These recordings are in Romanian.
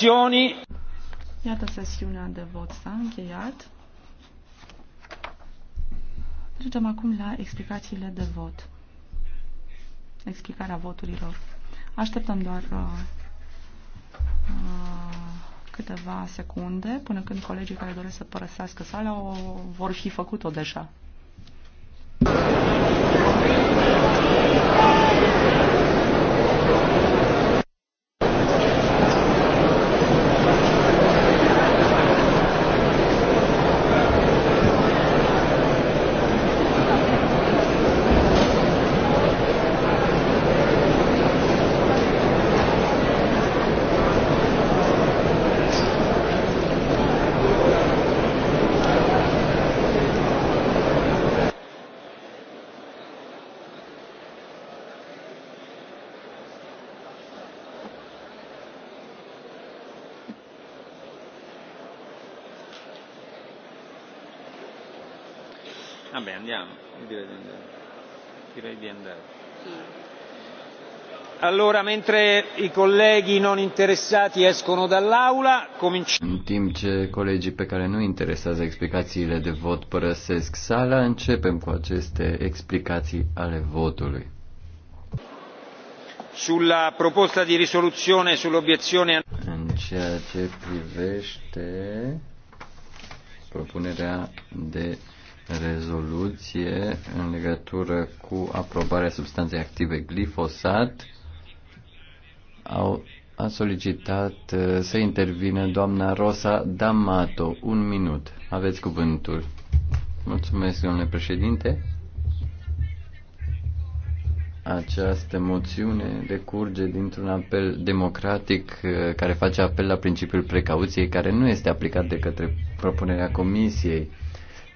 Gioni. Iată sesiunea de vot s-a încheiat. Trecem acum la explicațiile de vot. Explicarea voturilor. Așteptăm doar uh, uh, câteva secunde până când colegii care doresc să părăsească sala o vor fi făcut-o deja. Allora, mentre i colleghi non interessati escono dall'aula, cominciamo. În timp ce colegii pe care nu interesează explicațiile de vot părăsesc sala, începem cu aceste explicații ale votului. Sulla proposta di risoluzione sull'obiezione În ceea ce privește propunerea de rezoluție în legătură cu aprobarea substanței active glifosat au, a solicitat uh, să intervină doamna Rosa D'Amato. Un minut. Aveți cuvântul. Mulțumesc, domnule președinte. Această moțiune decurge dintr-un apel democratic uh, care face apel la principiul precauției care nu este aplicat de către propunerea comisiei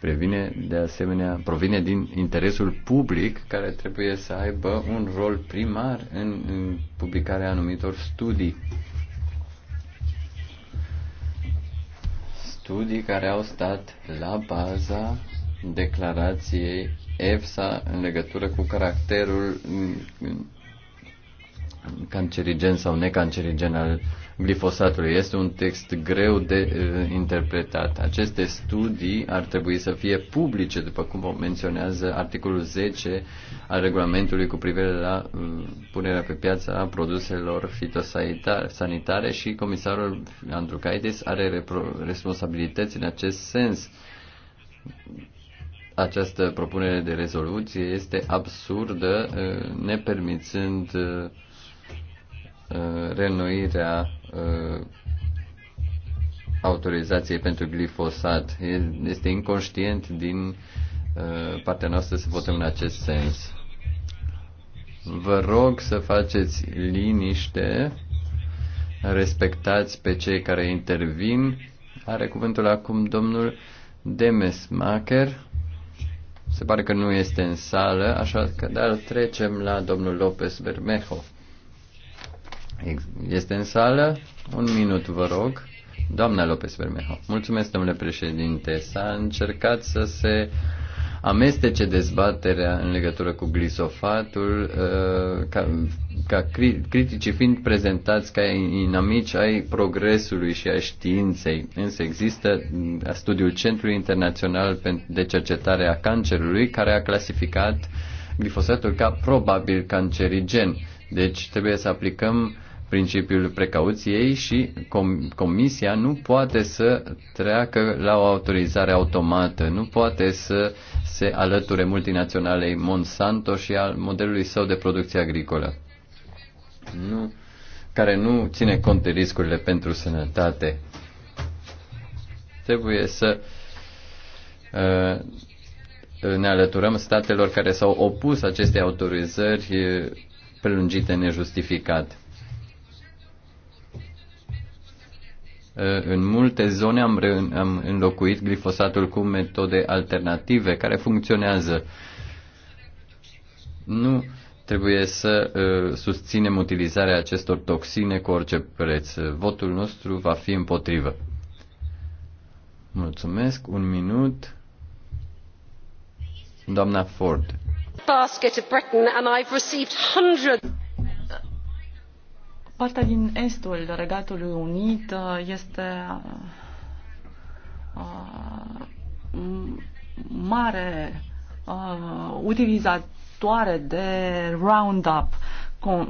previne de asemenea, provine din interesul public care trebuie să aibă un rol primar în, în publicarea anumitor studii. Studii care au stat la baza declarației EFSA în legătură cu caracterul mm, mm, cancerigen sau necancerigen al uh, glifosatului. Este un text greu de uh, interpretat. Aceste studii ar trebui să fie publice, după cum o menționează articolul 10 al regulamentului cu privire la uh, punerea pe piață a produselor fitosanitare și comisarul Andrukaitis are responsabilități în acest sens. Această propunere de rezoluție este absurdă, uh, nepermițând uh, Uh, renoirea uh, autorizației pentru glifosat. Este inconștient din uh, partea noastră să votăm în acest sens. Vă rog să faceți liniște, respectați pe cei care intervin. Are cuvântul acum domnul Demesmacher. Se pare că nu este în sală, așa că dar trecem la domnul Lopez Bermejo. Este în sală? Un minut, vă rog. Doamna Lopez Bermejo. Mulțumesc, domnule președinte. S-a încercat să se amestece dezbaterea în legătură cu glisofatul, uh, ca, ca criticii fiind prezentați ca inamici ai progresului și ai științei. Însă există mm, studiul Centrului Internațional de Cercetare a Cancerului, care a clasificat glifosatul ca probabil cancerigen. Deci trebuie să aplicăm uh, principiul precauției și com- comisia nu poate să treacă la o autorizare automată, nu poate să se alăture multinaționalei Monsanto și al modelului său de producție agricolă. Nu, care nu ține cont de riscurile pentru sănătate. Trebuie să uh, ne alăturăm statelor care s-au opus acestei autorizări uh, prelungite nejustificat Eh, în multe zone am, re- am înlocuit glifosatul cu metode alternative care funcționează. Nu trebuie să uh, susținem utilizarea acestor toxine cu orice preț. Votul nostru va fi împotrivă. Mulțumesc. Un minut. Doamna Ford. Basket of Britain and I've received hundreds Partea din estul Regatului Unit uh, este uh, mare uh, utilizatoare de Roundup,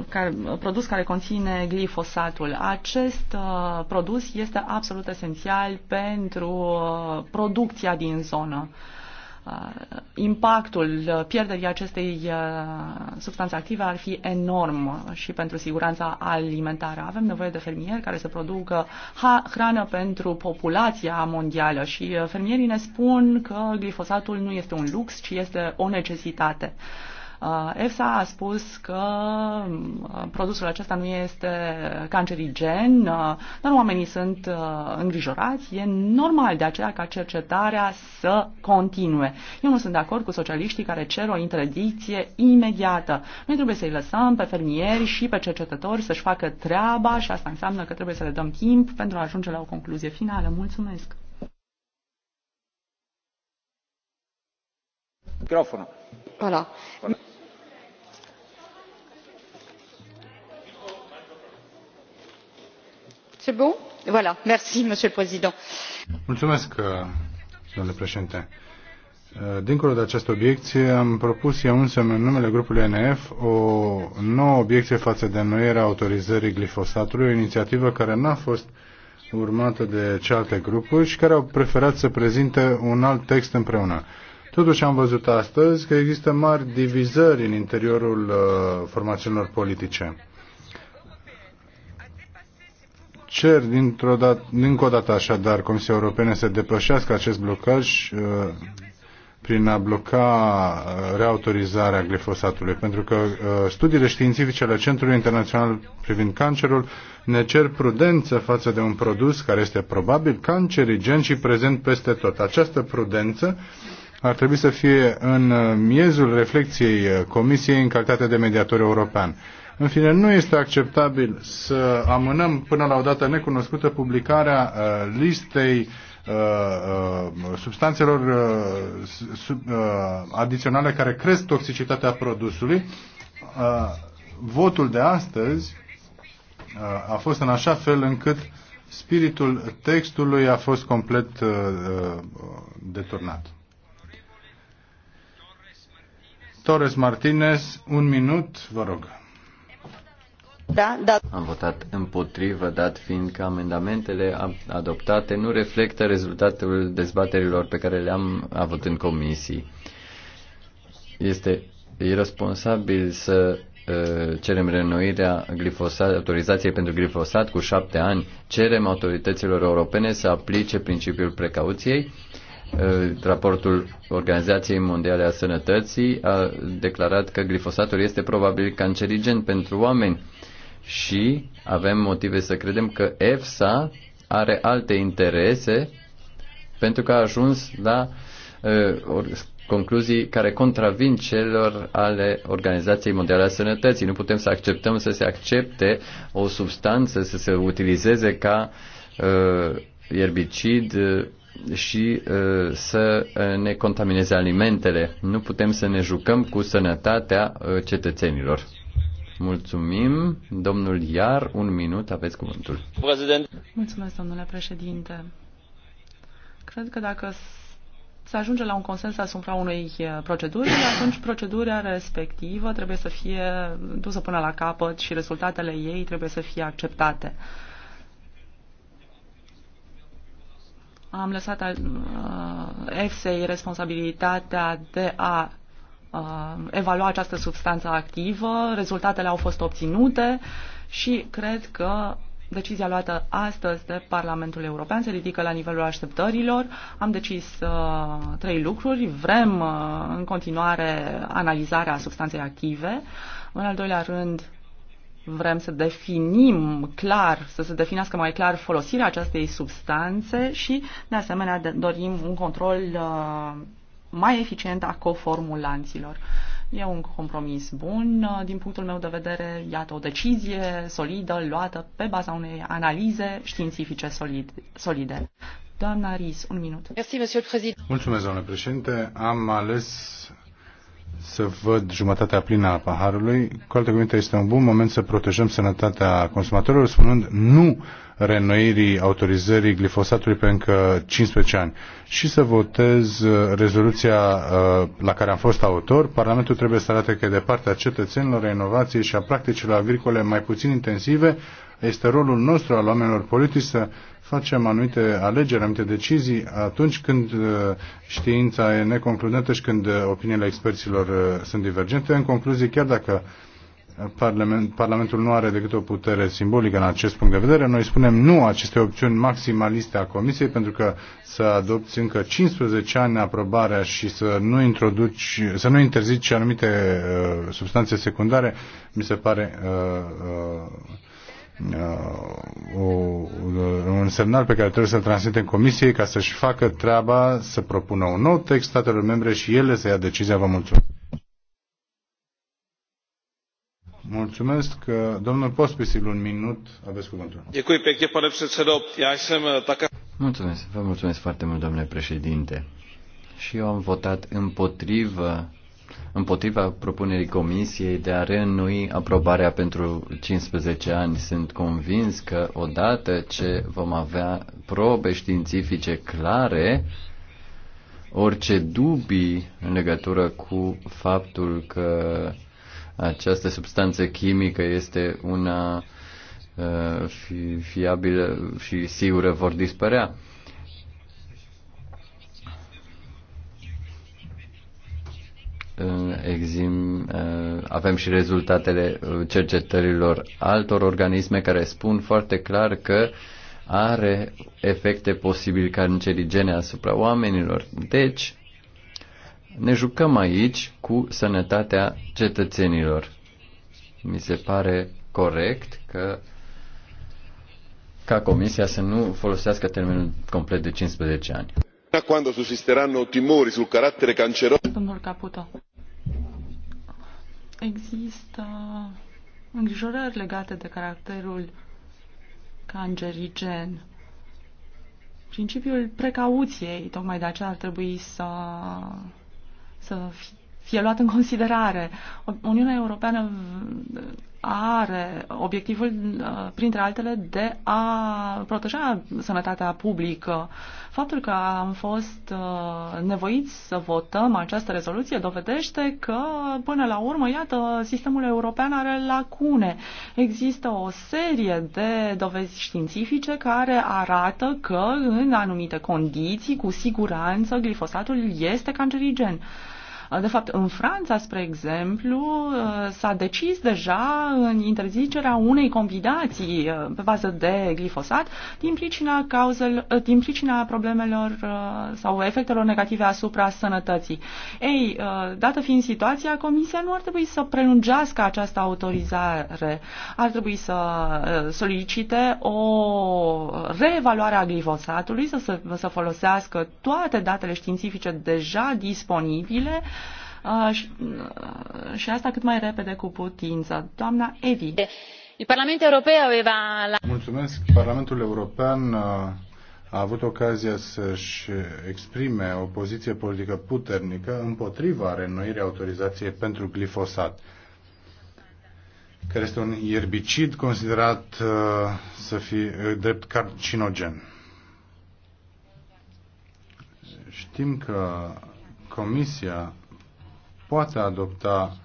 care, produs care conține glifosatul. Acest uh, produs este absolut esențial pentru uh, producția din zonă. Uh, Uh, impactul pierderii acestei uh, substanțe active ar fi enorm și pentru siguranța alimentară. Avem nevoie de fermieri care să producă hrană pentru populația mondială și uh, fermierii ne spun că glifosatul nu este un lux, ci este o necesitate. Uh, EFSA a spus că um, produsul acesta nu este cancerigen, uh, dar oamenii sunt uh, îngrijorați. E normal de aceea ca cercetarea să continue. Eu nu sunt de acord cu socialiștii care cer o interdicție imediată. Noi trebuie să-i lăsăm pe fermieri și pe cercetători să-și facă treaba și asta înseamnă că trebuie să le dăm timp pentru a ajunge la o concluzie finală. Mulțumesc! Microfonul. Voilà. Mulțumesc, uh, domnule președinte. Uh, dincolo de această obiecție, am propus eu însămi în numele grupului NF o nouă obiecție față de înnoirea autorizării glifosatului, o inițiativă care n-a fost urmată de celelalte grupuri și care au preferat să prezinte un alt text împreună. Totuși am văzut astăzi că există mari divizări în interiorul uh, formațiunilor politice Cer dintr-o dată, încă o dată așadar Comisia Europene să depășească acest blocaj uh, prin a bloca uh, reautorizarea glifosatului, pentru că uh, studiile științifice ale Centrului Internațional privind cancerul ne cer prudență față de un produs care este probabil cancerigen și prezent peste tot. Această prudență ar trebui să fie în miezul reflexiei uh, Comisiei în calitate de mediator european. În fine, nu este acceptabil să amânăm până la o dată necunoscută publicarea uh, listei uh, uh, substanțelor sub, adiționale care cresc toxicitatea produsului. Votul de astăzi a fost în așa fel încât spiritul textului a fost complet deturnat. Torres Martinez, un minut, vă rog. Da, da. Am votat împotrivă, dat fiind că amendamentele adoptate nu reflectă rezultatul dezbaterilor pe care le-am avut în comisii. Este irresponsabil să cerem renoirea glifosat, autorizației pentru glifosat cu șapte ani, cerem autorităților europene să aplice principiul precauției. Raportul Organizației Mondiale a Sănătății a declarat că glifosatul este probabil cancerigen pentru oameni și avem motive să credem că EFSA are alte interese pentru că a ajuns la uh, concluzii care contravin celor ale Organizației Mondiale a Sănătății. Nu putem să acceptăm să se accepte o substanță să se utilizeze ca uh, erbicid și uh, să ne contamineze alimentele. Nu putem să ne jucăm cu sănătatea uh, cetățenilor. Mulțumim. Domnul Iar, un minut, aveți cuvântul. President. Mulțumesc, domnule președinte. Cred că dacă se ajunge la un consens asupra unei eh, proceduri, atunci procedura respectivă trebuie să fie dusă până la capăt și rezultatele ei trebuie să fie acceptate. Am lăsat uh, eh, EFSA responsabilitatea de a Uh, evalua această substanță activă, rezultatele au fost obținute și cred că decizia luată astăzi de Parlamentul European se ridică la nivelul așteptărilor. Am decis uh, trei lucruri. Vrem uh, în continuare analizarea substanței active. În al doilea rând, vrem să definim clar, să se definească mai clar folosirea acestei substanțe și, de asemenea, dorim un control uh, mai eficientă a coformulanților. E un compromis bun. Uh, din punctul meu de vedere, iată o decizie solidă luată pe baza unei analize științifice solid, solide. Doamna Ris, un minut. Mulțumesc, doamne, președinte. Am ales să văd jumătatea plină a paharului. Cu alte cuvinte, este un bun moment să protejăm sănătatea consumatorilor, spunând nu renoirii autorizării glifosatului pe încă 15 ani și să votez uh, rezoluția uh, la care am fost autor. Parlamentul trebuie să arate că de partea cetățenilor, a inovației și a practicilor agricole mai puțin intensive, este rolul nostru al oamenilor politici să facem anumite alegeri, anumite decizii atunci când uh, știința e neconcludentă și când uh, opiniile experților uh, sunt divergente. În concluzie, chiar dacă Parlament, Parlamentul nu are decât o putere simbolică în acest punct de vedere. Noi spunem nu aceste opțiuni maximaliste a Comisiei, pentru că să adopți încă 15 ani aprobarea și să nu, introduci, să nu interzici anumite uh, substanțe secundare, mi se pare uh, uh, uh, un semnal pe care trebuie să-l transmitem Comisiei ca să-și facă treaba, să propună un nou text statelor membre și ele să ia decizia. Vă mulțumesc. Mulțumesc. Domnul Pospisil, un minut, aveți cuvântul. Děkuji pěkně, pane předsedo. Já jsem eh, také... Mulțumesc. Vă mulțumesc foarte mult, domnule președinte. Și eu am votat împotrivă împotriva propunerii Comisiei de a reînnoi aprobarea pentru 15 ani. Sunt convins că odată ce vom avea probe științifice clare, orice dubii în legătură cu faptul că această substanță chimică este una uh, fiabilă și sigură vor dispărea. exim, eh, avem și rezultatele eh, cercetărilor altor organisme care spun foarte clar că are efecte posibil cancerigene asupra oamenilor. Deci, ne jucăm aici cu sănătatea cetățenilor. Mi se pare corect că ca Comisia să nu folosească termenul complet de 15 ani. când susțineranno timori sul carattere canceroso. Domnul Caputo există îngrijorări legate de caracterul cancerigen. Principiul precauției, tocmai de aceea ar trebui să, să fie luat în considerare. Uniunea Europeană are obiectivul, uh, printre altele, de a proteja sănătatea publică. Faptul că am fost uh, nevoiți să votăm această rezoluție dovedește că, până la urmă, iată, sistemul european are lacune. Există o serie de dovezi științifice care arată că, în anumite condiții, cu siguranță, glifosatul este cancerigen. De fapt, în Franța, spre exemplu, s-a decis deja în interzicerea unei combinații uh, pe bază de glifosat din pricina, cauzel, uh, din pricina problemelor uh, sau efectelor negative asupra sănătății. Ei, dată fiind situația, Comisia nu ar trebui să prelungească această autorizare. Ar trebui să solicite o reevaluare a glifosatului, să, se, să folosească toate datele științifice deja disponibile și asta cât mai repede cu putință. Doamna Evi. Parlamentul European aveva la... Mulțumesc. Parlamentul European a avut ocazia să-și exprime o poziție politică puternică împotriva renoirii autorizației pentru glifosat, care este un ierbicid considerat uh, să fie drept carcinogen. Știm că Comisia poate adopta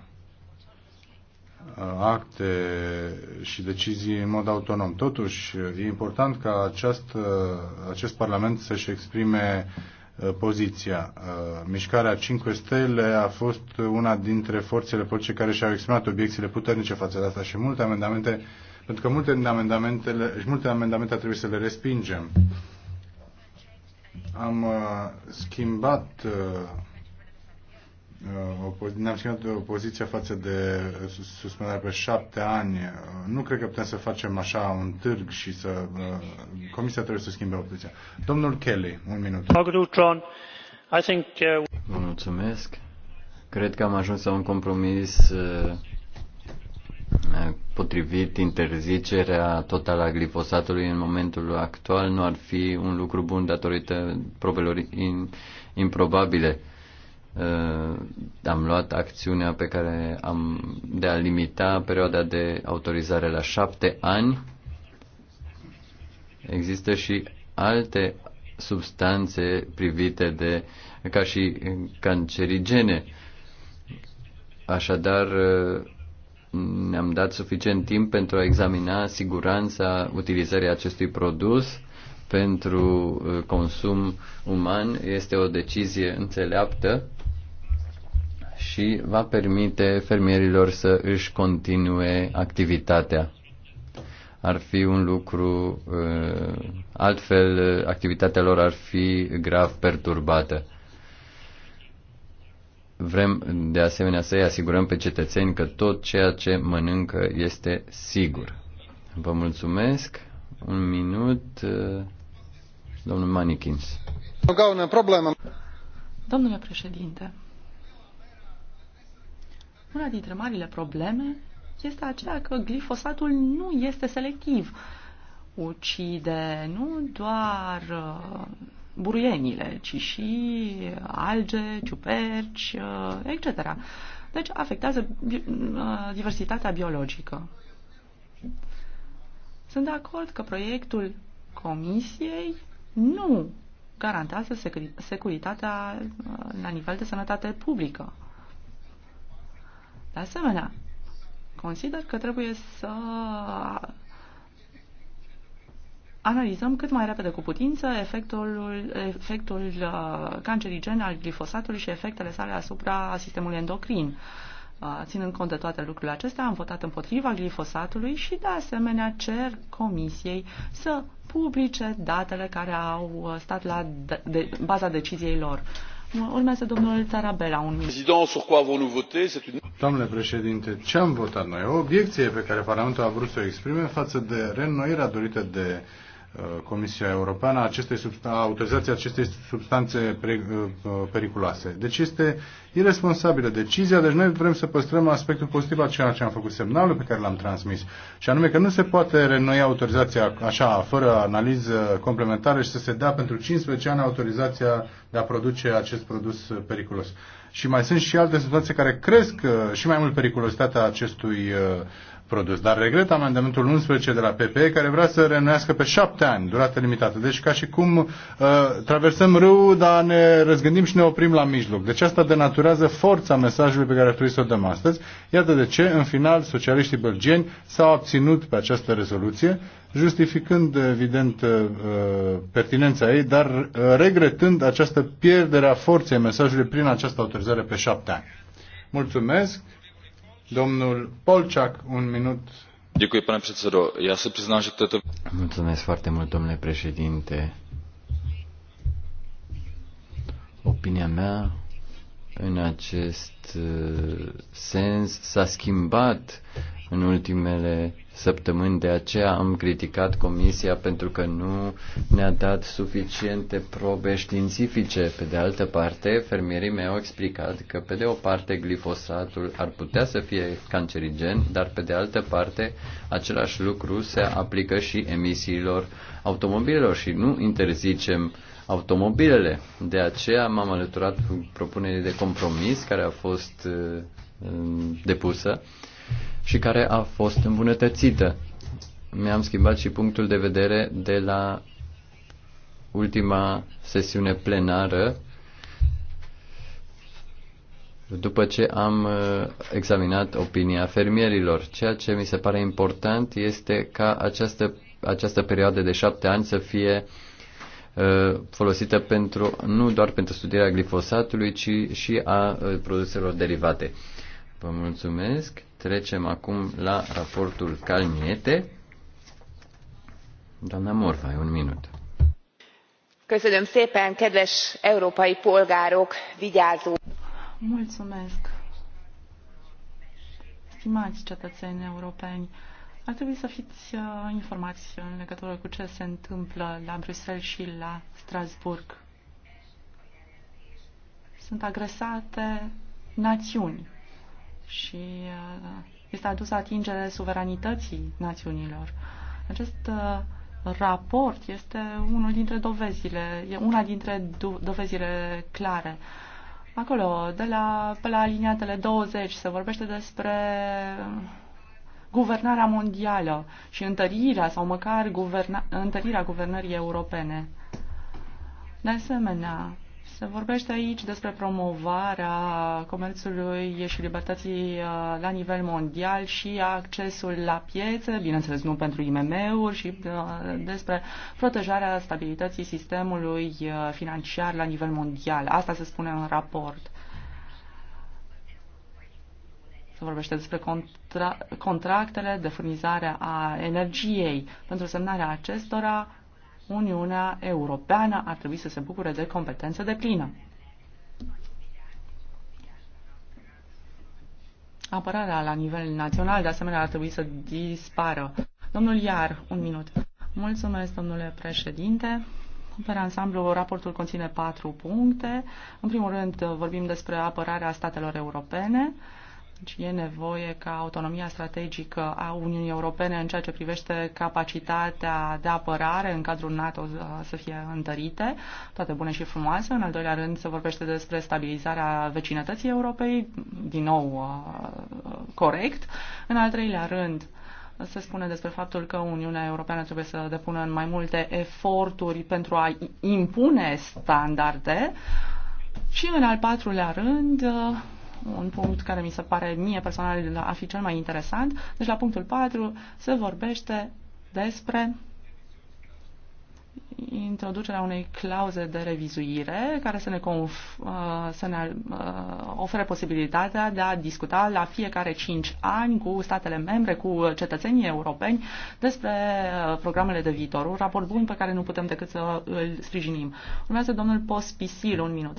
uh, acte și decizii în mod autonom. Totuși, e important ca acest uh, acest Parlament să-și exprime uh, poziția. Mișcarea 5 stele a fost una dintre forțele politice care și-au exprimat obiecțiile puternice față de asta și multe amendamente, pentru că multe din amendamentele, și multe amendamente trebuie să le respingem. Am schimbat Uh, ne-am schimbat poziția față de suspendare pe șapte ani. Uh, nu cred că putem să facem așa un târg și să... Uh, comisia trebuie să schimbe poziția. Domnul Kelly, un minut. Vă mulțumesc. Cred că am ajuns la un compromis potrivit interzicerea totală a glifosatului în momentul actual nu ar fi un lucru bun datorită probelor improbabile Uh, am luat acțiunea pe care am de a limita perioada de autorizare la șapte ani. Există și alte substanțe privite de ca și cancerigene. Așadar, uh, ne-am dat suficient timp pentru a examina siguranța utilizării acestui produs pentru uh, consum uman. Este o decizie înțeleaptă și va permite fermierilor să își continue activitatea. Ar fi un lucru, uh, altfel uh, activitatea lor ar fi grav perturbată. Vrem de asemenea să-i asigurăm pe cetățeni că tot ceea ce mănâncă este sigur. Vă mulțumesc. Un minut, uh, domnul Manikins. Domnule președinte, una dintre marile probleme este aceea că glifosatul nu este selectiv. Ucide nu doar uh, buruienile, ci și alge, ciuperci, uh, etc. Deci afectează uh, diversitatea biologică. Sunt de acord că proiectul Comisiei nu garantează securitatea la nivel de sănătate publică de asemenea, consider că trebuie să analizăm cât mai repede cu putință efectul, efectul uh, cancerigen al glifosatului și efectele sale asupra sistemului endocrin. Uh, ținând cont de toate lucrurile acestea, am votat împotriva glifosatului și, de asemenea, cer Comisiei să publice datele care au uh, stat la de, de, baza deciziei lor. Urmează domnul un minut. Domnule președinte, ce am votat noi? O obiecție pe care Parlamentul a vrut să o exprime față de reînnoirea dorită de Uh, Comisia Europeană a acestei autorizația acestei substanțe uh, uh, periculoase. Deci este irresponsabilă decizia, deci noi vrem să păstrăm aspectul pozitiv a ceea ce am făcut, semnalul pe care l-am transmis, și anume că nu se poate renoi autorizația așa, fără analiză complementară și să se dea pentru 15 ani autorizația de a produce acest produs periculos. Și mai sunt și alte situații care cresc și mai mult periculositatea acestui uh, produs. Dar regret amendamentul 11 de la PPE care vrea să renuiască pe șapte ani, durată limitată. Deci ca și cum uh, traversăm râul, dar ne răzgândim și ne oprim la mijloc. Deci asta denaturează forța mesajului pe care ar trebui să o dăm astăzi. Iată de ce, în final, socialiștii belgieni s-au abținut pe această rezoluție, justificând, evident, uh, pertinența ei, dar uh, regretând această pierdere a forței mesajului prin această autorizare pe șapte ani. Mulțumesc! Domnul un minut. Mulțumesc foarte mult, domnule președinte. Opinia mea în acest uh, sens s-a schimbat în ultimele săptămâni. De aceea am criticat Comisia pentru că nu ne-a dat suficiente probe științifice. Pe de altă parte, fermierii mei au explicat că, pe de o parte, glifosatul ar putea să fie cancerigen, dar, pe de altă parte, același lucru se aplică și emisiilor automobilelor și nu interzicem automobilele. De aceea m-am alăturat propunerii de compromis care a fost uh, depusă și care a fost îmbunătățită. Mi-am schimbat și punctul de vedere de la ultima sesiune plenară după ce am uh, examinat opinia fermierilor. Ceea ce mi se pare important este ca această, această perioadă de șapte ani să fie uh, folosită pentru, nu doar pentru studierea glifosatului, ci și a uh, produselor derivate. Vă mulțumesc. Trecem acum la raportul Calniete. Doamna Morvai, un minut. Köszönöm szépen, kedves európai polgárok, vigyázó! Mulțumesc! Stimați cetățeni europeni, ar trebui să fiți uh, informați în legătură cu ce se întâmplă la Bruxelles și la Strasburg. Sunt agresate națiuni și uh, este adus atingere suveranității națiunilor. Acest uh, raport este unul dintre dovezile, e una dintre dovezile clare. Acolo, de la, pe la aliniatele 20, se vorbește despre guvernarea mondială și întărirea sau măcar guverna, întărirea guvernării europene. De asemenea, se vorbește aici despre promovarea comerțului și libertății uh, la nivel mondial și accesul la piețe, bineînțeles nu pentru IMM-uri, și uh, despre protejarea stabilității sistemului uh, financiar la nivel mondial. Asta se spune în raport. Se vorbește despre contra- contractele de furnizare a energiei. Pentru semnarea acestora Uniunea Europeană ar trebui să se bucure de competență de plină. Apărarea la nivel național, de asemenea, ar trebui să dispară. Domnul Iar, un minut. Mulțumesc, domnule președinte. Per ansamblu, raportul conține patru puncte. În primul rând, vorbim despre apărarea statelor europene. Deci e nevoie ca autonomia strategică a Uniunii Europene în ceea ce privește capacitatea de apărare în cadrul NATO uh, să fie întărite, toate bune și frumoase. În al doilea rând se vorbește despre stabilizarea vecinătății Europei, din nou uh, corect. În al treilea rând, se spune despre faptul că Uniunea Europeană trebuie să depună în mai multe eforturi pentru a impune standarde și în al patrulea rând uh, un punct care mi se pare mie personal a fi cel mai interesant. Deci la punctul 4 se vorbește despre introducerea unei clauze de revizuire care să ne, conf, uh, să ne uh, ofere posibilitatea de a discuta la fiecare 5 ani cu statele membre, cu cetățenii europeni despre uh, programele de viitor. Un raport bun pe care nu putem decât să îl sprijinim. Urmează domnul Pospisil, un minut.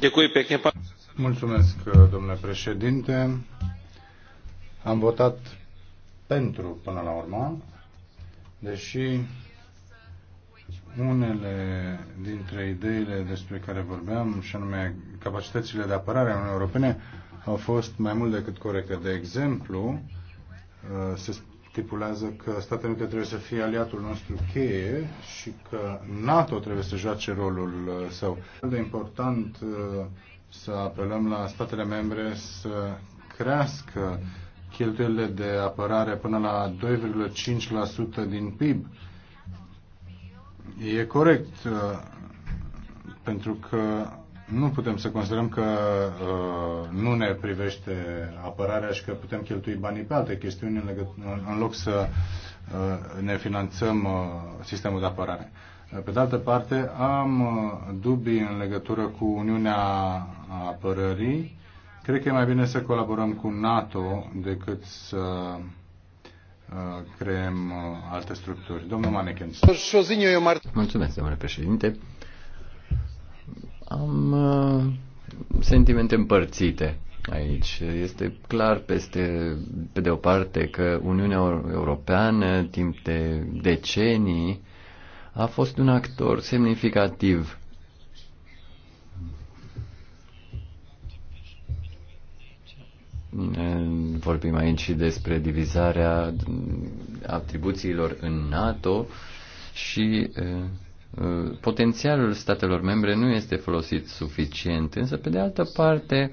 Mulțumesc, domnule președinte. Am votat pentru până la urmă, deși unele dintre ideile despre care vorbeam, și anume capacitățile de apărare a Uniunii Europene, au fost mai mult decât corecte. De exemplu, uh, se stipulează că Statele Unite trebuie să fie aliatul nostru cheie și că NATO trebuie să joace rolul uh, său. De important uh, să apelăm la statele membre să crească cheltuielile de apărare până la 2,5% din PIB E corect, uh, pentru că nu putem să considerăm că uh, nu ne privește apărarea și că putem cheltui banii pe alte chestiuni în, în loc să uh, ne finanțăm sistemul de apărare. Pe de altă parte, am dubii în legătură cu Uniunea Apărării. Cred că e mai bine să colaborăm cu NATO decât să Uh, creăm uh, alte structuri. Domnul Manechen. Mulțumesc, domnule președinte. Am uh, sentimente împărțite aici. Este clar peste, pe de o parte că Uniunea Europeană timp de decenii a fost un actor semnificativ Vorbim aici și despre divizarea atribuțiilor în NATO și uh, uh, potențialul statelor membre nu este folosit suficient. Însă, pe de altă parte,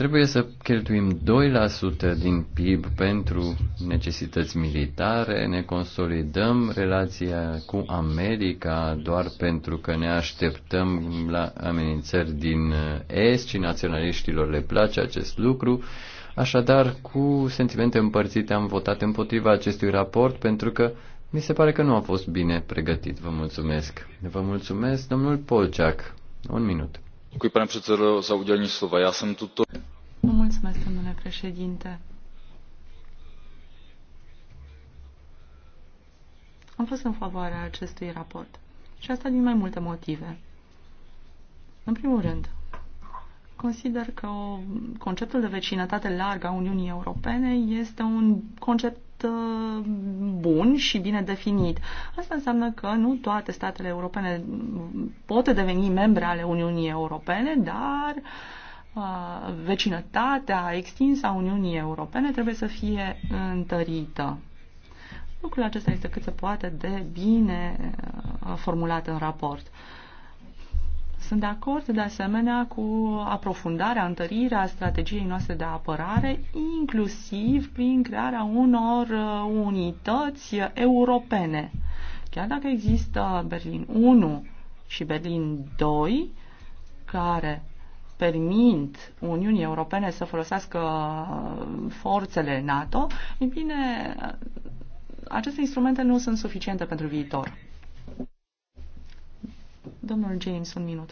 Trebuie să cheltuim 2% din PIB pentru necesități militare, ne consolidăm relația cu America doar pentru că ne așteptăm la amenințări din uh, Est și naționaliștilor le place acest lucru. Așadar, cu sentimente împărțite am votat împotriva acestui raport pentru că mi se pare că nu a fost bine pregătit. Vă mulțumesc. Vă mulțumesc, domnul Polceac. Un minut. Děkuji, pane předsedo, za udělení slova. Já jsem tuto Mulțumesc, domnule președinte. Am fost în favoarea acestui raport și asta din mai multe motive. În primul rând, consider că conceptul de vecinătate largă a Uniunii Europene este un concept uh, bun și bine definit. Asta înseamnă că nu toate statele europene pot deveni membre ale Uniunii Europene, dar uh, vecinătatea extinsă a Uniunii Europene trebuie să fie întărită. Lucrul acesta este cât se poate de bine formulat în raport. Sunt de acord, de asemenea, cu aprofundarea, întărirea strategiei noastre de apărare, inclusiv prin crearea unor unități europene. Chiar dacă există Berlin 1 și Berlin 2, care permit Uniunii Europene să folosească forțele NATO, e bine, aceste instrumente nu sunt suficiente pentru viitor. Domnul James, un minut.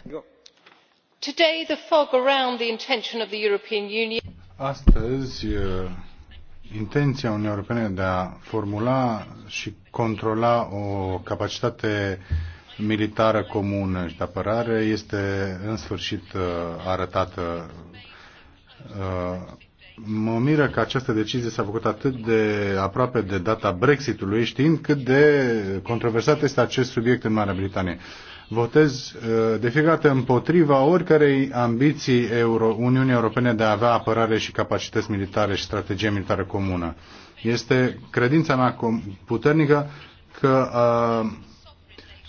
Today the fog around the intention of the European Union. Astăzi uh, intenția Uniunii Europene de a formula și controla o capacitate uh, militară comună și de apărare este în sfârșit uh, arătată. Uh, mă miră că această decizie s-a făcut atât de aproape de data Brexitului, știind cât de controversat este acest subiect în Marea Britanie. Votez uh, de fiecare dată împotriva oricărei ambiții Euro, Uniunii Europene de a avea apărare și capacități militare și strategie militară comună. Este credința mea puternică că uh,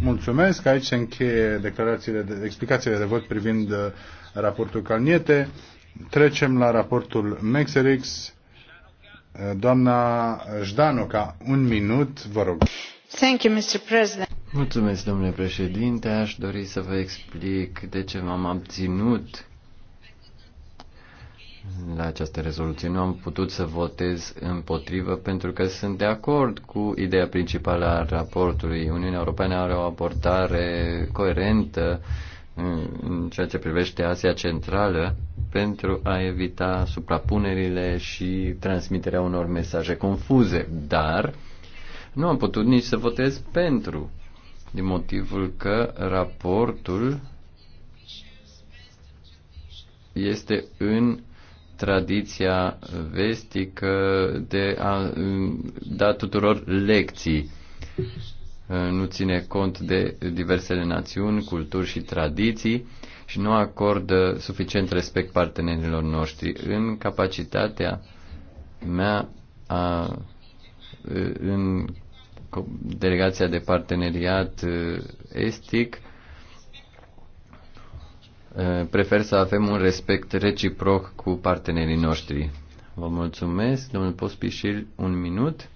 Mulțumesc. Aici se încheie declarațiile de, explicațiile de vot privind uh, raportul Calniete. Trecem la raportul Mexerix. Uh, doamna Jdanoca, un minut, vă rog. Thank you, Mr. President. Mulțumesc, domnule președinte. Aș dori să vă explic de ce m-am abținut la această rezoluție. Nu am putut să votez împotrivă pentru că sunt de acord cu ideea principală a raportului. Uniunea Europeană are o abordare coerentă mm, în ceea ce privește Asia Centrală pentru a evita suprapunerile și transmiterea unor mesaje confuze, dar nu am putut nici să votez pentru, din motivul că raportul este în tradiția vestică de a mm, da tuturor lecții. Nu ține cont de diversele națiuni, culturi și tradiții și nu acordă suficient respect partenerilor noștri. În capacitatea mea a, în delegația de parteneriat estic, Eh, prefer să avem un respect reciproc cu partenerii noștri. Vă mulțumesc, domnul Pospișil, un minut.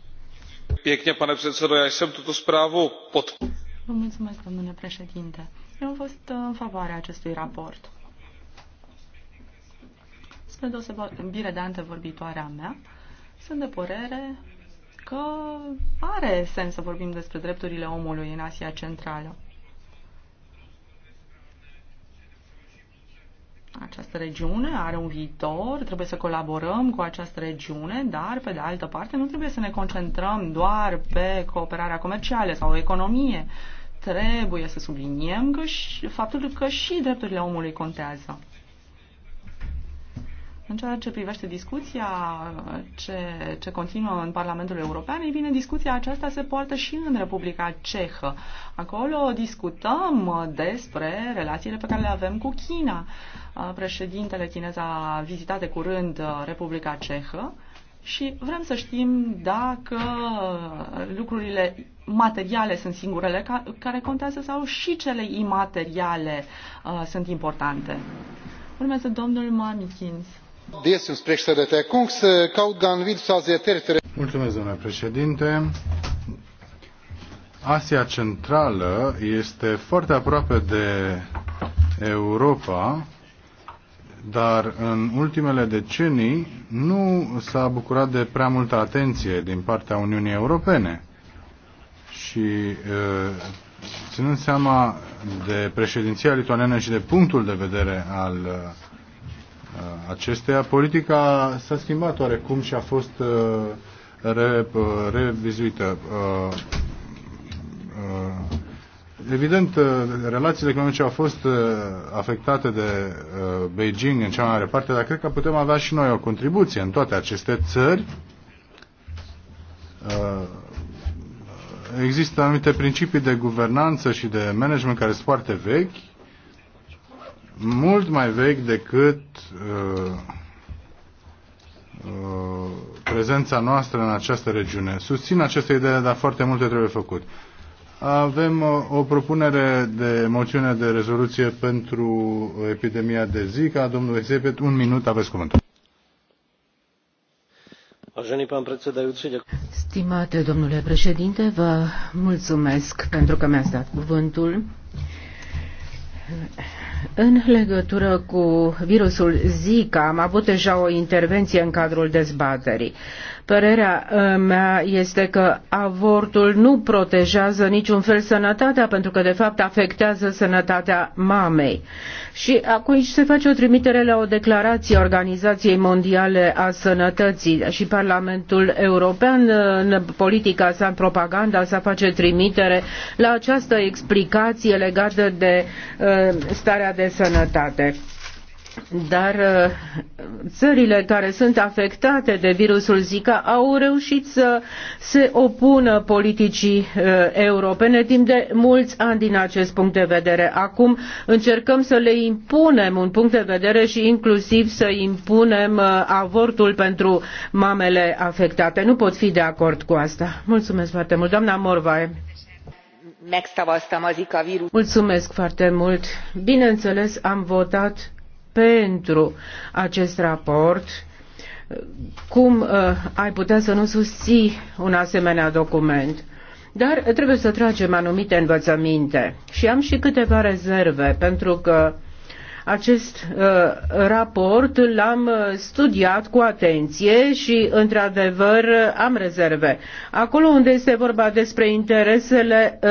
Pěkně, pane předsedo, já jsem tuto zprávu pod... Vă mulțumesc, domnule președinte. Eu am fost în favoarea acestui raport. Spre deosebire de antevorbitoarea mea, sunt de părere că are sens să vorbim despre drepturile omului în Asia Centrală. Această regiune are un viitor, trebuie să colaborăm cu această regiune, dar, pe de altă parte, nu trebuie să ne concentrăm doar pe cooperarea comercială sau economie. Trebuie să subliniem că și, faptul că și drepturile omului contează. În ceea ce privește discuția ce, ce continuă în Parlamentul European, ei bine, discuția aceasta se poartă și în Republica Cehă. Acolo discutăm despre relațiile pe care le avem cu China. Președintele chinez a vizitat de curând Republica Cehă și vrem să știm dacă lucrurile materiale sunt singurele care contează sau și cele imateriale uh, sunt importante. Urmează domnul Mamikins. Mulțumesc, domnule președinte. Asia Centrală este foarte aproape de Europa, dar în ultimele decenii nu s-a bucurat de prea multă atenție din partea Uniunii Europene. Și ținând seama de președinția lituaniană și de punctul de vedere al acesteia. Politica s-a schimbat oarecum și a fost uh, re, uh, revizuită. Uh, evident, relațiile economice au fost afectate de Beijing în cea mai mare parte, dar cred că putem avea și noi o contribuție în toate aceste țări. Există anumite principii de guvernanță și de management care sunt foarte vechi mult mai vechi decât uh, uh, prezența noastră în această regiune. Susțin această idee, dar foarte multe trebuie făcut. Avem uh, o propunere de moțiune de rezoluție pentru epidemia de Zika. Domnul Ezepet, un minut, aveți cuvântul. Stimate domnule președinte, vă mulțumesc pentru că mi-ați dat cuvântul. În legătură cu virusul Zika am avut deja o intervenție în cadrul dezbaterii. Părerea uh, mea este că avortul nu protejează niciun fel sănătatea, pentru că de fapt afectează sănătatea mamei. Și acum se face o trimitere la o declarație a Organizației Mondiale a Sănătății și Parlamentul European în politica sa, în propaganda sa face trimitere la această explicație legată de uh, starea de sănătate. Dar uh, țările care sunt afectate de virusul Zika au reușit să se opună politicii uh, europene timp de mulți ani din acest punct de vedere. Acum încercăm să le impunem un punct de vedere și inclusiv să impunem uh, avortul pentru mamele afectate. Nu pot fi de acord cu asta. Mulțumesc foarte mult. Doamna Morvaie Mulțumesc foarte mult. bineînțeles am votat pentru acest raport. Cum uh, ai putea să nu susții un asemenea document? Dar trebuie să tragem anumite învățăminte și am și câteva rezerve pentru că acest uh, raport l-am uh, studiat cu atenție și, într-adevăr, uh, am rezerve. Acolo unde este vorba despre interesele uh,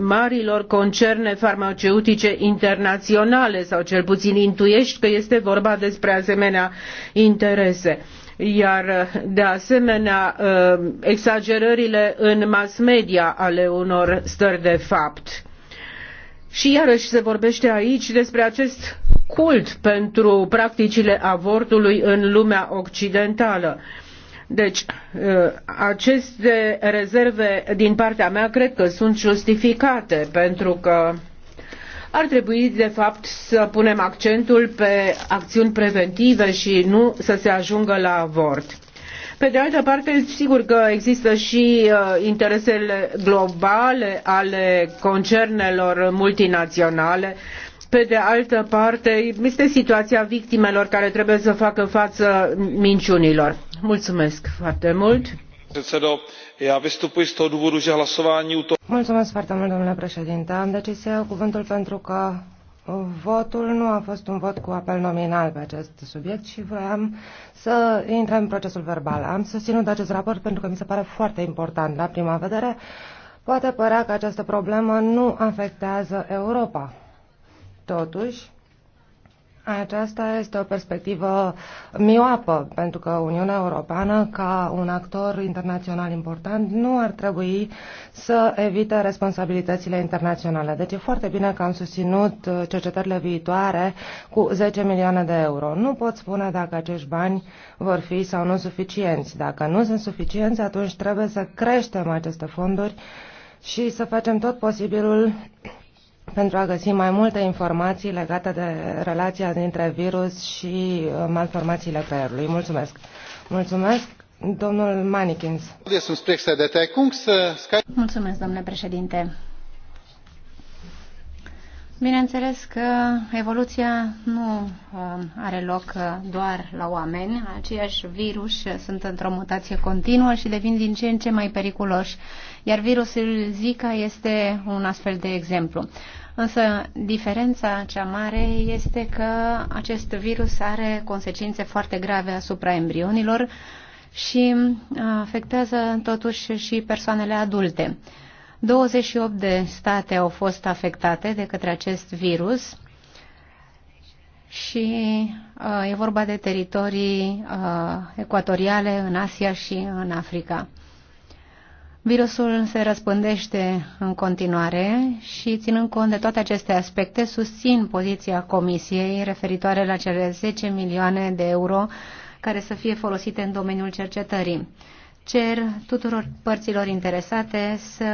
marilor concerne farmaceutice internaționale, sau cel puțin intuiești că este vorba despre asemenea interese iar uh, de asemenea exagerările în mass media ale unor stări de fapt. Și iarăși se vorbește aici despre acest cult pentru practicile avortului în lumea occidentală. Deci, ă, aceste rezerve din partea mea cred că sunt justificate, pentru că ar trebui, de fapt, să punem accentul pe acțiuni preventive și nu să se ajungă la avort. Pe de altă parte, sigur că există și uh, interesele globale ale concernelor multinaționale. Pe de altă parte, este situația victimelor care trebuie să facă față minciunilor. Mulțumesc foarte mult. Mulțumesc foarte mult, domnule președinte. Am decis să iau cuvântul pentru că Votul nu a fost un vot cu apel nominal pe acest subiect și voiam să intrăm în procesul verbal. Am susținut acest raport pentru că mi se pare foarte important. La prima vedere, poate părea că această problemă nu afectează Europa. Totuși, aceasta este o perspectivă mioapă, pentru că Uniunea Europeană, ca un actor internațional important, nu ar trebui să evite responsabilitățile internaționale. Deci e foarte bine că am susținut cercetările viitoare cu 10 milioane de euro. Nu pot spune dacă acești bani vor fi sau nu suficienți. Dacă nu sunt suficienți, atunci trebuie să creștem aceste fonduri și să facem tot posibilul pentru a găsi mai multe informații legate de relația dintre virus și uh, malformațiile creierului. Mulțumesc! Mulțumesc, domnul Manikins! Mulțumesc, domnule președinte! Bineînțeles că evoluția nu uh, are loc uh, doar la oameni. Aceiași virus sunt într-o mutație continuă și devin din ce în ce mai periculoși. Iar virusul Zika este un astfel de exemplu. Însă diferența cea mare este că acest virus are consecințe foarte grave asupra embrionilor și uh, afectează totuși și persoanele adulte. 28 de state au fost afectate de către acest virus și uh, e vorba de teritorii uh, ecuatoriale în Asia și în Africa. Virusul se răspândește în continuare și, ținând cont de toate aceste aspecte, susțin poziția Comisiei referitoare la cele 10 milioane de euro care să fie folosite în domeniul cercetării. Cer tuturor părților interesate să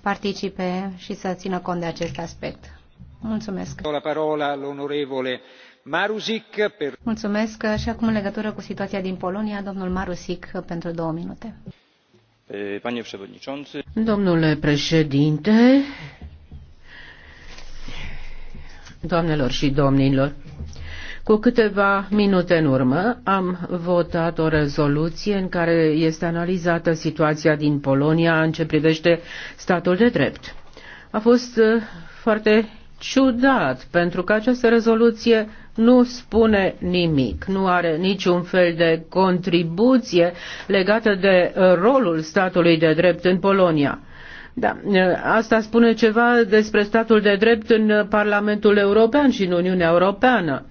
participe și să țină cont de acest aspect. Mulțumesc. La parola Marusic. Per... Mulțumesc și acum în legătură cu situația din Polonia, domnul Marusic pentru două minute. Panie Przewodniczący. Domnule președinte, doamnelor și domnilor, cu câteva minute în urmă am votat o rezoluție în care este analizată situația din Polonia în ce privește statul de drept. A fost uh, foarte ciudat, pentru că această rezoluție nu spune nimic, nu are niciun fel de contribuție legată de uh, rolul statului de drept în Polonia. Da, uh, asta spune ceva despre statul de drept în uh, Parlamentul European și în Uniunea Europeană.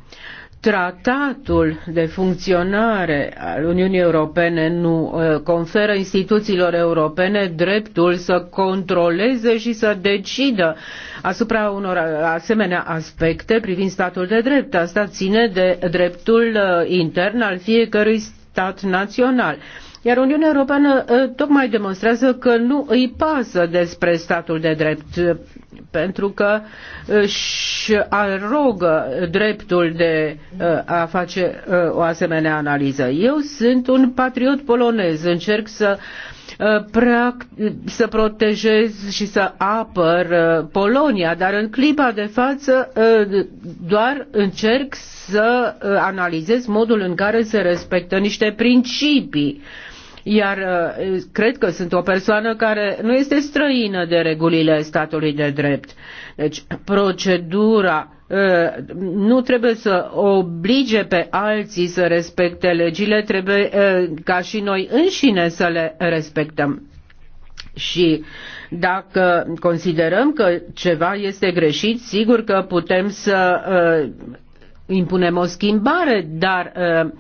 Tratatul de funcționare al Uniunii Europene nu ă, conferă instituțiilor europene dreptul să controleze și să decidă asupra unor asemenea aspecte privind statul de drept. Asta ține de dreptul ă, intern al fiecărui stat național. Iar Uniunea Europeană ă, tocmai demonstrează că nu îi pasă despre statul de drept, ă, pentru că își arogă dreptul de ă, a face o asemenea analiză. Eu sunt un patriot polonez, încerc să să protejez și să apăr Polonia, dar în clipa de față doar încerc să analizez modul în care se respectă niște principii. Iar uh, cred că sunt o persoană care nu este străină de regulile statului de drept. Deci procedura uh, nu trebuie să oblige pe alții să respecte legile, trebuie uh, ca și noi înșine să le respectăm. Și dacă considerăm că ceva este greșit, sigur că putem să impunem o schimbare, dar uh,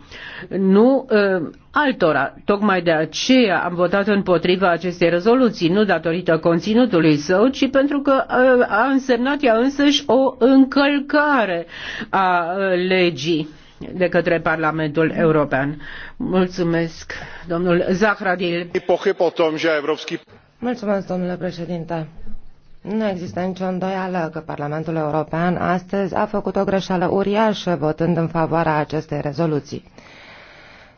nu uh, altora. Tocmai de aceea am votat împotriva acestei rezoluții, nu datorită conținutului său, ci pentru că uh, a însemnat ea însăși o încălcare a legii de către Parlamentul European. Mulțumesc, domnul Zahradil. Mulțumesc, domnule președinte nu există nicio îndoială că Parlamentul European astăzi a făcut o greșeală uriașă votând în favoarea acestei rezoluții.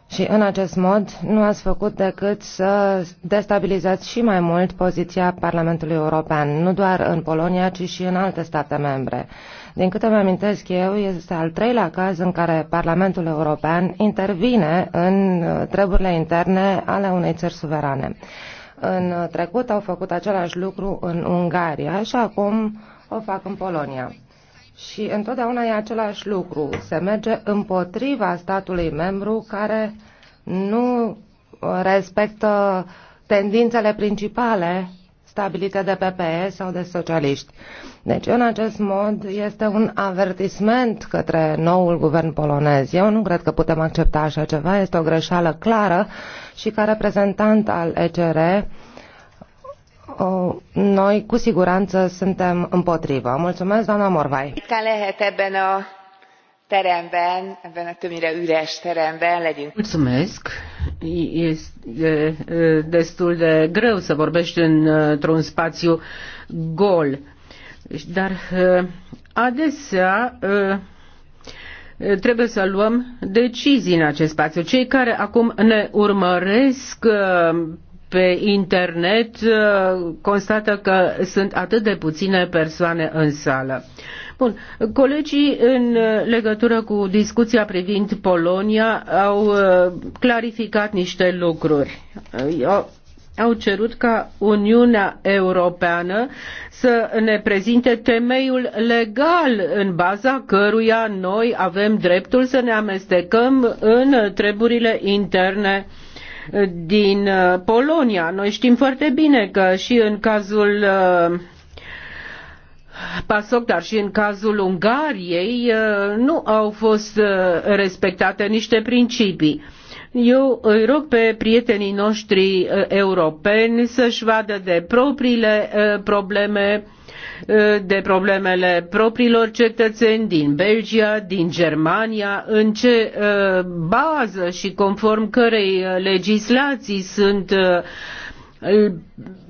Și în acest mod nu ați făcut decât să destabilizați și mai mult poziția Parlamentului European, nu doar în Polonia, ci și în alte state membre. Din câte îmi amintesc eu, este al treilea caz în care Parlamentul European intervine în uh, treburile interne ale unei țări suverane. În trecut au făcut același lucru în Ungaria și acum o fac în Polonia. Și întotdeauna e același lucru. Se merge împotriva statului membru care nu respectă tendințele principale stabilite de PPE sau de socialiști. Deci, în acest mod, este un avertisment către noul guvern polonez. Eu nu cred că putem accepta așa ceva. Este o greșeală clară și ca reprezentant al ECR, noi cu siguranță suntem împotrivă. Mulțumesc, doamna Morvai teremben ebben a többnyire üres teremben legyünk. Mulțumesc. Este destul de greu să vorbești într-un spațiu gol. Dar adesea trebuie să luăm decizii în acest spațiu. Cei care acum ne urmăresc pe internet constată că sunt atât de puține persoane în sală. Bun. Colegii în uh, legătură cu discuția privind Polonia au uh, clarificat niște lucruri. Uh, au cerut ca Uniunea Europeană să ne prezinte temeiul legal în baza căruia noi avem dreptul să ne amestecăm în treburile interne din Polonia. Noi știm foarte bine că și în cazul PASOC, dar și în cazul Ungariei uh, nu au fost uh, respectate niște principii. Eu îi rog pe prietenii noștri uh, europeni să-și vadă de propriile probleme, de problemele propriilor cetățeni din Belgia, din Germania, în ce bază și conform cărei legislații sunt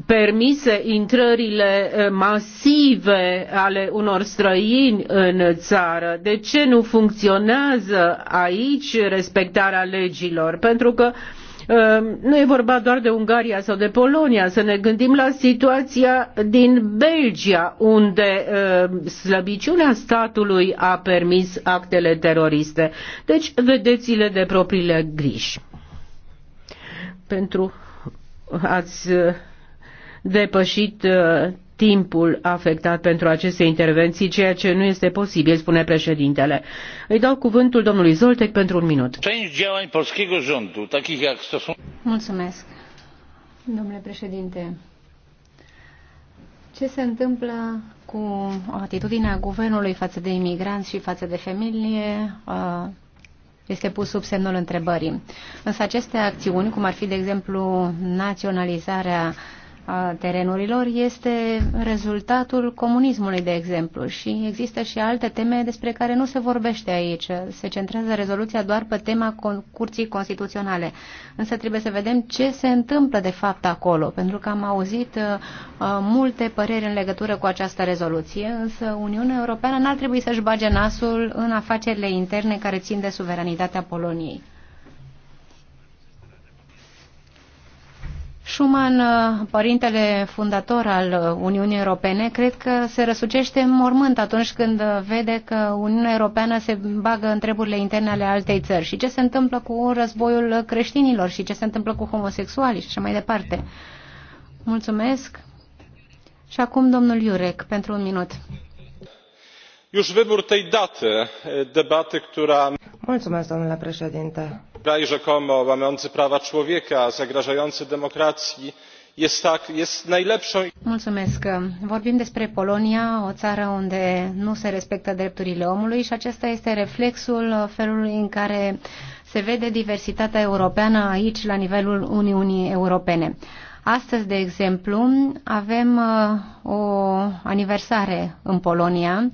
permise intrările eh, masive ale unor străini în țară. De ce nu funcționează aici respectarea legilor? Pentru că eh, nu e vorba doar de Ungaria sau de Polonia, să ne gândim la situația din Belgia, unde eh, slăbiciunea statului a permis actele teroriste. Deci, vedeți-le de propriile griji. Pentru ați uh, depășit uh, timpul afectat pentru aceste intervenții, ceea ce nu este posibil, spune președintele. Îi dau cuvântul domnului Zoltec pentru un minut. Mulțumesc, domnule președinte. Ce se întâmplă cu atitudinea guvernului față de imigranți și față de familie uh, este pus sub semnul întrebării. Însă aceste acțiuni, cum ar fi, de exemplu, naționalizarea uh, a terenurilor este rezultatul comunismului, de exemplu, și există și alte teme despre care nu se vorbește aici. Se centrează rezoluția doar pe tema curții constituționale. Însă trebuie să vedem ce se întâmplă de fapt acolo, pentru că am auzit uh, multe păreri în legătură cu această rezoluție, însă Uniunea Europeană n-ar trebui să-și bage nasul în afacerile interne care țin de suveranitatea Poloniei. Schumann, uh, părintele fundator al uh, Uniunii Europene, cred că se răsucește în mormânt atunci când uh, vede că Uniunea Europeană se bagă în treburile interne ale altei țări și ce se întâmplă cu războiul creștinilor și ce se întâmplă cu homosexualii și așa mai departe. Mulțumesc. Și acum domnul Iurec, pentru un minut. Już wybór tej daty, debaty, która... Mulțumesc, domnule președinte kraj rzekomo łamiący prawa człowieka zagrażający demokracji este najlepszą. Mulțumesc. Vorbim despre Polonia, o țară unde nu se respectă drepturile omului și acesta este reflexul felului în care se vede diversitatea europeană aici la nivelul Uniunii Europene. Astăzi, de exemplu, avem uh, o aniversare în Polonia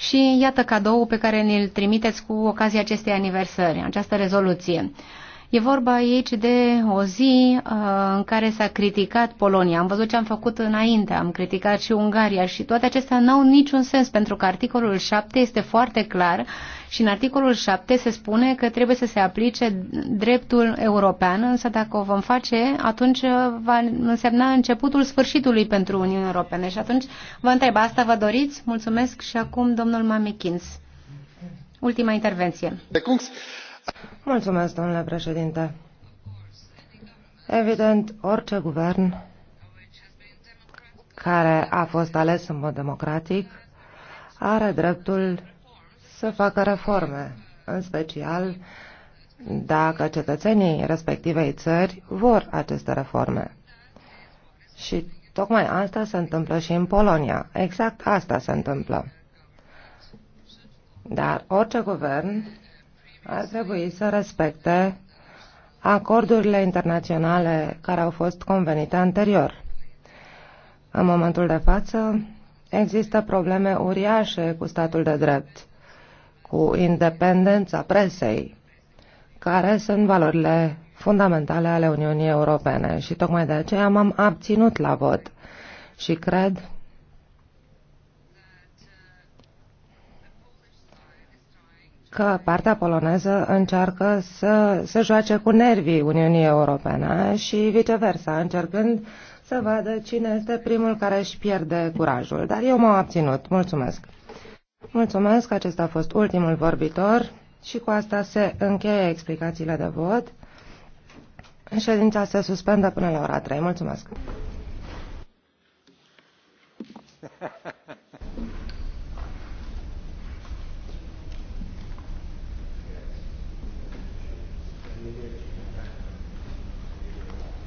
și iată cadoul pe care ne-l trimiteți cu ocazia acestei aniversări, această rezoluție. E vorba aici de o zi uh, în care s-a criticat Polonia. Am văzut ce am făcut înainte, am criticat și Ungaria și toate acestea n-au niciun sens pentru că articolul 7 este foarte clar și în articolul 7 se spune că trebuie să se aplice dreptul european, însă dacă o vom face, atunci va însemna începutul sfârșitului pentru Uniunea Europeană. Și atunci vă întreb, asta vă doriți? Mulțumesc și acum domnul Mamikins. Ultima intervenție. Mulțumesc, domnule președinte. Evident, orice guvern care a fost ales în mod democratic are dreptul să facă reforme, în special dacă cetățenii respectivei țări vor aceste reforme. Și tocmai asta se întâmplă și în Polonia. Exact asta se întâmplă. Dar orice guvern ar trebui să respecte acordurile internaționale care au fost convenite anterior. În momentul de față, există probleme uriașe cu statul de drept cu independența presei, care sunt valorile fundamentale ale Uniunii Europene și tocmai de aceea m-am abținut la vot și cred că partea poloneză încearcă să se joace cu nervii Uniunii Europene și viceversa, încercând să vadă cine este primul care își pierde curajul. Dar eu m-am abținut. Mulțumesc! Mulțumesc, acesta a fost ultimul vorbitor și cu asta se încheie explicațiile de vot. Ședința se suspendă până la ora 3. Mulțumesc!